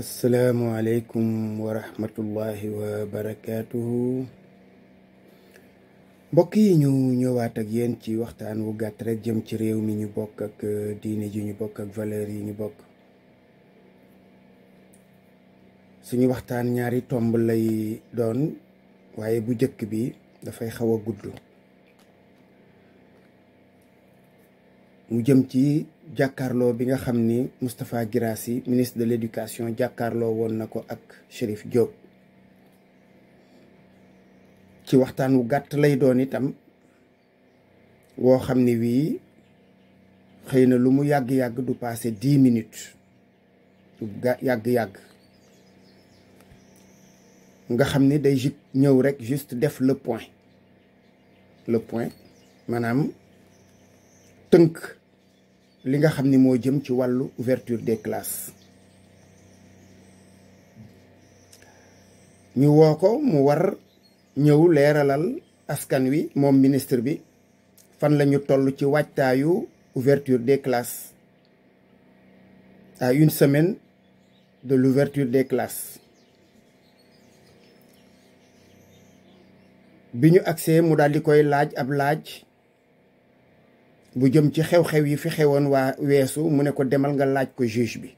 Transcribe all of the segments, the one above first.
asalaamualeykum wa rahmatullahi wa barakaatuhu mbokk yi ñu ñëwaat ak yéen ci waxtaan wu gàtt rek jëm ci réew mi ñu bokk ak uh, diine ji ñu bokk ak valeur yi ñu bokk suñu waxtaan ñaari tomb lay doon waaye bu jëkk bi dafay xaw a gudd mu jëm ci jàkkaarloo bi nga xam ni Moustapha Guirassy ministre de l'éducation jàkkaarloo woon na ko ak Chérif Diop ci waxtaan wu gàtt lay doon itam woo xam ni wii xëy na lu mu yàgg-yàgg du passé dix minutes yàgg-yàgg nga xam ni day jik ñëw rek juste def le point le point maanaam tënk li nga xam ni moo jëm ci wàllu ouverture des classes ñu woo ko mu war ñëw leeralal askan wi moom ministre bi fan lañu toll ci waajtaayu ouverture des classes à une semaine de l'ouverture des classes bi ñu agsee mu daldi koy laaj ab laaj bu jëm ci xew-xew yi fi xewoon waa weesu mu ne ko demal nga laaj ko juge bi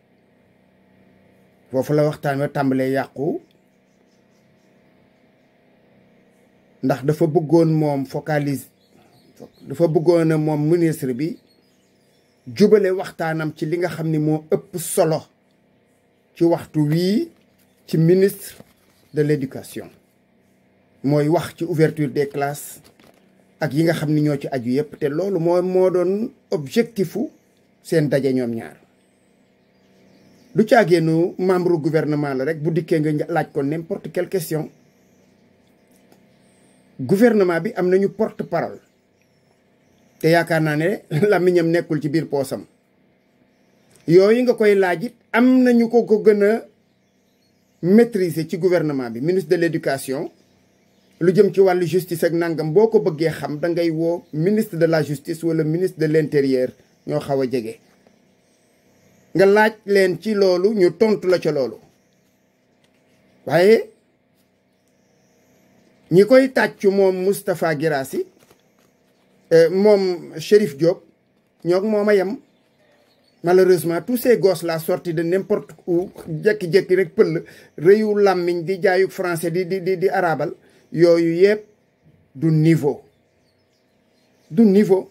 foofu la waxtaan wa tàmbalee yàqu ndax dafa bëggoon moom focalise dafa bëggoon a moom ministre bi jubale waxtaanam ci li nga xam ni moo ëpp solo ci waxtu wii ci ministre de l'éducation mooy wax ci ouverture des classes ak yi nga xam ni ñoo ci aju yépp te loolu moo moo doon objectifu seen daje ñoom ñaar du caageenu membre gouvernement la rek bu dikkee nga laaj ko n'importe quelle question gouvernement bi am nañu porte parole te yaakaar naa ne làmmiñam nekkul ci biir poosam yooyu nga koy laaj it am nañu ko ko gën a maîtriser ci gouvernement bi ministre de l'éducation lu jëm ci wàllu justice ak nangam boo ko bëggee xam da ngay woo ministre de la justice wala ministre de l'intérieur ñoo xaw a jege nga laaj leen ci loolu ñu tontu la ci loolu waaye ñi koy tàccu moom Moustapha Guirassy euh, moom Chérif Diop ñoog moom a yem malheureusement tous ces gos la sorti de n'importe où jekki-jekki rek pël rëyu làmmiñ di jaayuk français di di di di arabal yooyu yëpp du niveau du niveau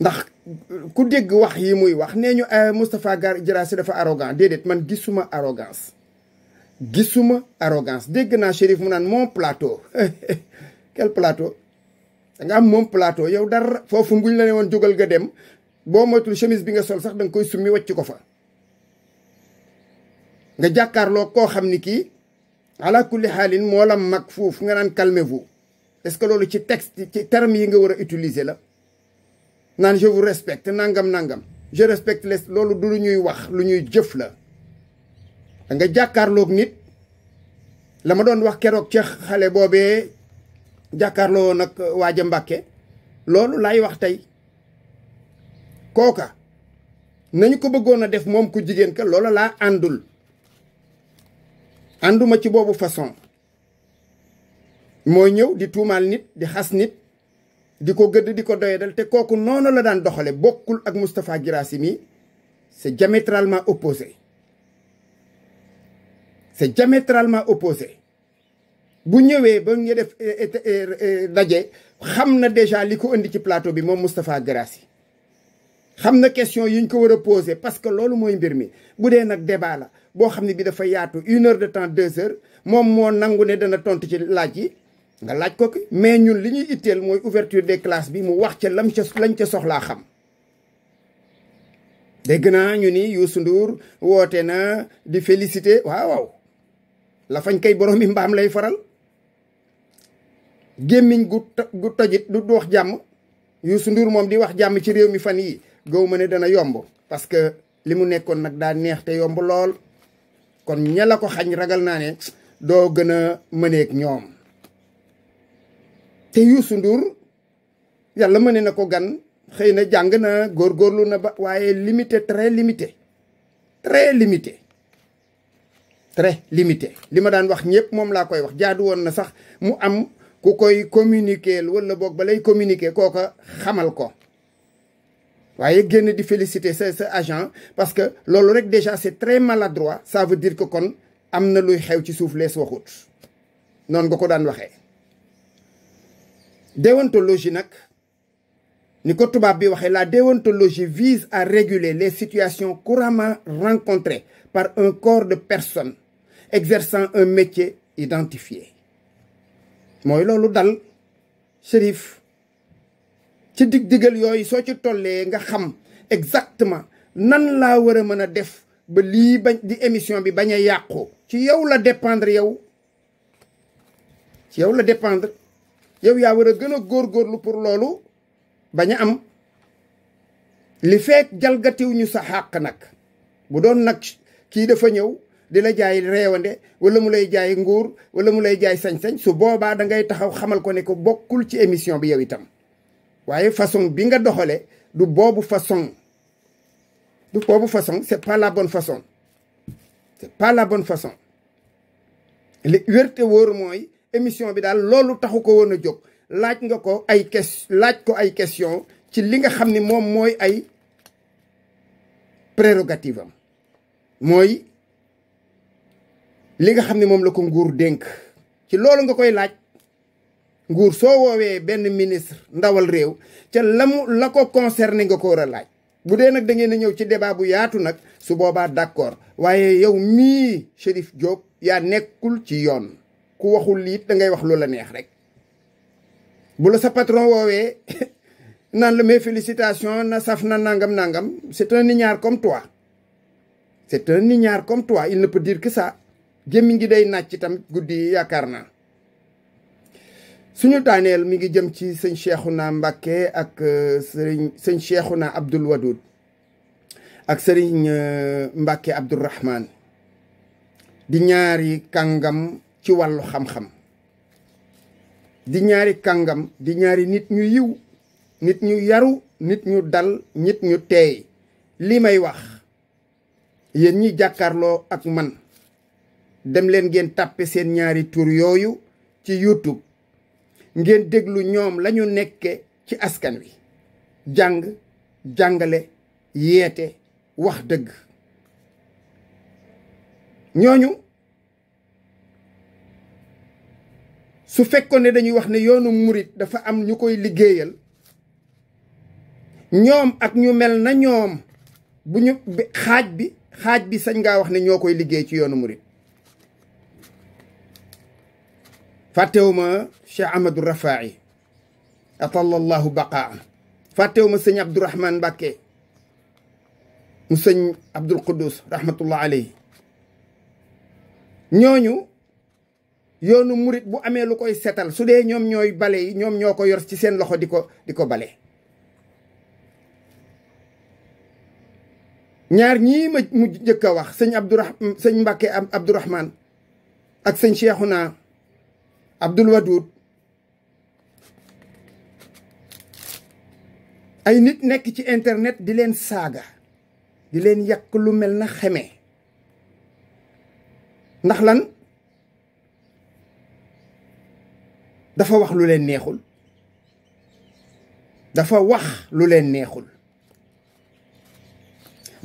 ndax ku dégg wax yi muy wax nee ñu eh, Moustapha Guirassy dafa arrogant déedéet man gisuma arrogance gisuma arrogance dégg naa Chérif mu naan moom plateau quel plateau da am moom plateau yow dara foofu buñ la ne woon jógal nga dem boo moytul chemise bi nga sol sax danga koy summi wacc ko fa nga jàkkaarloo koo xam ni kii ala kulli xaalin moo la mag foofu nga naan calmez-vous est-ce que loolu ci texte ci termes yi nga war a utiliser la naan je vous respecte nangam nangam je respecte les loolu du lu ñuy wax lu ñuy jëf la da nga jàkkaarloog nit lama doon wax keroog ca xale boobee jàkkaarloo nag euh, waaja Mbàkke loolu laay wax tey kooka nañu ko bëggoon a def moom ku jigéen ka loola laa àndul ànduma ci boobu façon moo ñëw di tuumaal nit di xas nit di ko gëdd di ko doyadal te kooku noonu la daan doxale bokkul ak Moustapha Guirassy c'est diamétralement opposé c'est diamétralement opposé bu ñëwee ba ñu def eh, eh, eh, daje xam na déjà li ko indi ci plateau bi moom Moustapha Guirassy xam na question yi ñu ko war a posé parce que loolu mooy mbir mi bu dee nag débat la boo xam ne bi dafa yaatu une heure de temps deux heures moom moo nangu ne dana tontu ci laaj yi nga laaj ko ki mais ñun li ñuy itteel mooy ouverture des classes bi mu wax ca lam ca lañ ca soxlaa xam dégg naa ñu ni Youssou Ndour woote na di félicité waaw waaw la fañ kay borom mi mbaam lay faral gémmiñ gu gu tojit du wax jàmm Youssou Ndour moom di wax jàmm ci réew mi fan yi gëw ma ne dana yomb parce que li mu nekkoon nag daa neex te yomb lool kon ña la ko xañ ragal naa ne doo gën a mëneeg ñoom te Youssou Ndour yàlla mëne na ko gan xëy na jàng na góorgóorlu na ba waaye limité très limité très limité très li ma daan wax ñëpp moom laa koy wax jaadu woon na sax mu am ku koy communiquer wala boog ba lay communiquer kooka xamal ko waaye génn di félicité sa agent parce que loolu rek déjà c'est très maladroit ça veut dire que kon am na luy xew ci suuf lees waxut noonu nga ko daan waxee déontologie nag ni ko tubaab bi waxee la déontologie vise à réguler les situations couramment rencontrées par un corps de personnes exerçant un métier identifié mooy loolu dal Chérif ci dig digal yooyu soo ci tollee nga xam exactement nan laa war a mën a def ba lii bañ di émission bi bañ a yàqu ci yow la dépendre yow yow la dépendre yow yaa war a gën a góor góor lu pour loolu bañ a am li feek jalgatiw ñu sa xàq nag bu doon nag kii dafa ñëw di la jaay reewande wala mu lay jaay nguur wala mu lay jaay sañ-sañ su boobaa da ngay taxaw xamal ko ne ko bokkul ci émission bi yow itam waaye façon bi nga doxale du boobu façon du boobu façon c'est pas la bon façon c'est pas la bon façon li wérte wóor mooy émission bi daal loolu taxu ko woon a jog laaj nga ko ay laaj ko ay question ci li nga xam ni moom mooy ay prérogative am mooy li nga xam ni moom la ko nguur dénk ci loolu nga koy laaj nguur soo woowee benn ministre ndawal réew ca lamu la ko concerné nga ko war a laaj bu dee nag da ngeen a ñëw ci débat bu yaatu nag su boobaa d'accord waaye yow mii Chérif Diop yaa nekkul ci yoon ku waxul liit da ngay wax lu la neex rek bu la sa patron woowee nan la mes félicitations na saf na nangam nangam c'est un ñaar comme toi c'est un ñaar comme toi il ne peut dire que ça gémmiñ gi day naaj ci tamit guddi yaakaar naa suñu daaneel mi ngi jëm ci sëñ na Mbacké ak euh, sëriñ sëñ na Abdoul Wadoud ak sëriñ euh, Mbacké Abdourahman di ñaari kàngam ci wàllu xam-xam di ñaari kàngam di ñaari nit ñu yiw nit ñu yaru nit ñu dal nit ñu teey li may wax yéen ñi jàkkaarloo ak man dem leen ngeen tàppe seen ñaari tuur yooyu ci YouTube ngeen déglu ñoom lañu ñu ci askan wi jàng jàngale yeete wax dëgg ñooñu su fekkoon ne dañuy wax ne yoonu murit dafa am ñu koy liggéeyal ñoom ak ñu mel na ñoom bu ñu xaaj bi xaaj bi sañ ngaa wax ne ñoo koy liggéey ci yoonu murit fàttewuma Cheikh Ahmadou Rafahi atallallahu baqaa fàttewuma sëñ Abdourahman Mbàkke mu sëñ Abdul Quddus rahmatullah alayhi ñooñu yoonu murit bu amee lu koy setal su dee ñoom ñooy bale ñoom ñoo ko yor ci seen loxo di ko di bale ñaar ñii ma mu njëkk a wax sëñ Abdourah mbakke Mbàkke Abdourahman ak sëñ naa Abdul Wadud ay nit nekk ci internet di leen saaga di leen yàq lu mel na xeme ndax lan dafa wax lu leen neexul dafa wax lu leen neexul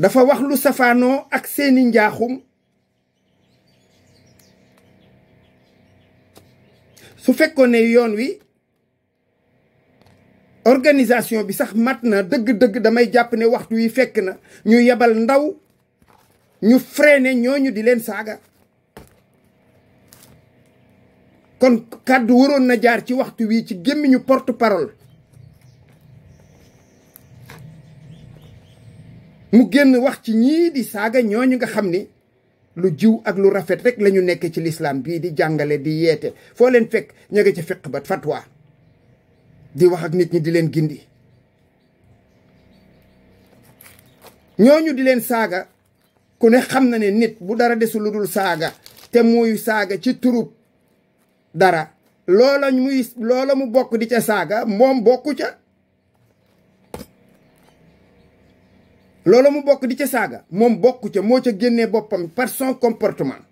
dafa wax lu safaanoo ak seeni njaaxum su fekkoon ne yoon wi organisation bi sax mat na dëgg-dëgg damay jàpp ne waxtu wi fekk na ñu yebal ndaw ñu freiné ñooñu di leen saaga kon kàddu waroon na jaar ci waxtu wi ci gémmiñu porte parole mu génn wax ci ñii di saaga ñoo ñu nga xam ni lu jiw ak lu rafet rek la ñu nekk ci lislaam bii di jàngale di yeete foo leen fekk ña nga ci fiq ba fatwa di wax ak nit ñi di leen gindi ñooñu di leen saaga ku ne xam na ne nit bu dara desul lu dul saaga te muy saaga ci turub dara loola muy loola mu bokk di ca saaga moom bokku ca loola mu bokk di ca saaga moom bokk ca moo ca génnee boppam par son comportement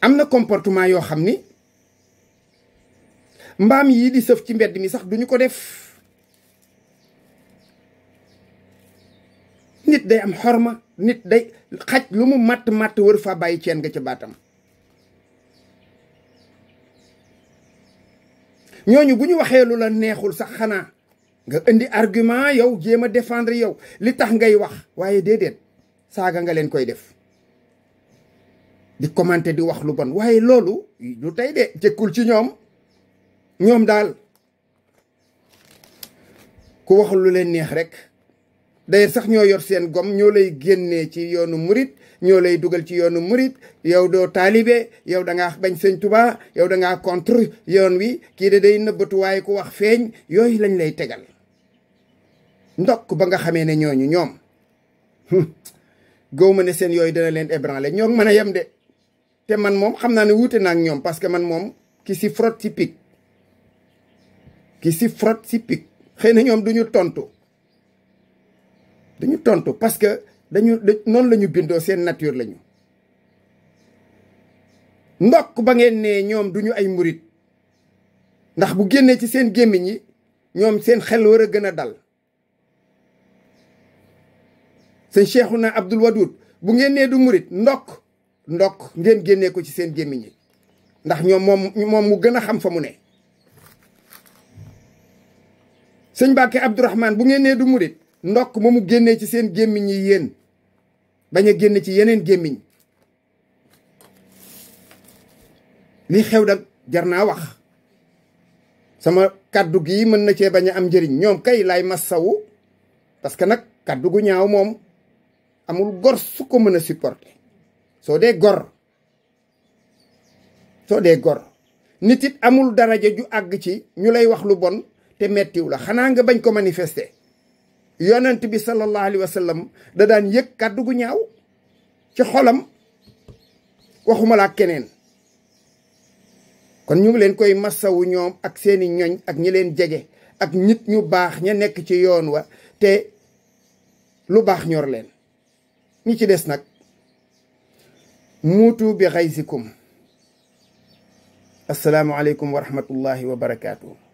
am na comportement yoo xam ni mbaam yi di sëf ci mbedd mi sax duñu ko def nit day am xorma nit day xaj lu mu matt matt wër faa bàyyi ceen nga ca baatam ñooñu bu ñu waxee lu la neexul sax xanaa nga indi argument yow jéem a défendre yow li tax ngay wax waaye déedéet saaga nga leen koy def di commenter di wax lu bon waaye loolu lu tey de jëkkul ci ñoom ñoom daal ku wax lu leen neex rek day sax ñoo yor seen gom ñoo lay génnee ci yoonu murit ñoo lay dugal ci yoonu murit yow doo taalibe yow da ngaa bañ sëñ Tuubaa yow da ngaa contre yoon wi kii de day nëbbatu waaye ku wax feeñ yooyu lañ lay tegal ndokk ba nga xamee ne ñooñu ñoom gëw ma ne seen yooyu dana leen ébranler ñoo mën a yem de te man moom xam naa ne wuute naa ak ñoom parce que man moom ki si frot si pic ki si frotte si pic xëy na ñoom duñu tontu dañu tontu parce que dañu noonu lañu bindoo seen nature lañu ñu ndokk ba ngeen nee ñoom duñu ay murit ndax bu génnee ci seen gémmiñ yi ñoom seen xel war a gën a dal sëñ Cheikhouna Abdoul Wadoud bu ngeen nee du murit ndokk ndokk ngeen génnee ko ci seen gémmiñ yi ndax ñoom moom moom mu gën a xam fa mu ne sëñ Mbàkke Abdourahmane bu ngeen nee du murit ndokk ma mu génnee ci seen gémmiñ yi yéen bañ a génn ci yeneen gémmiñ lii xew da jar naa wax sama kàddu gi mën na cee bañ am njëriñ ñoom kay laay massawu parce que nag kàddu gu ñaaw moom amul gor su ko mën a supporter soo dee gor soo dee gor nit it amul daraja ju àgg ci ñu lay wax lu bon te mettiw la xanaa nga bañ ko manifester yonent bi sallallahu alayhi wa sallam da daan yëg kàddu gu ñaaw ci xolam waxuma laa keneen kon ñu leen koy massawu ñoom ak seeni ñoñ ak ñi leen jege ak nit ñu baax ña nekk ci yoon wa te lu baax ñor leen ñi ci des nag muutu bi xaysikum assalaamu aleykum wa rahmatullahi wa barakaatu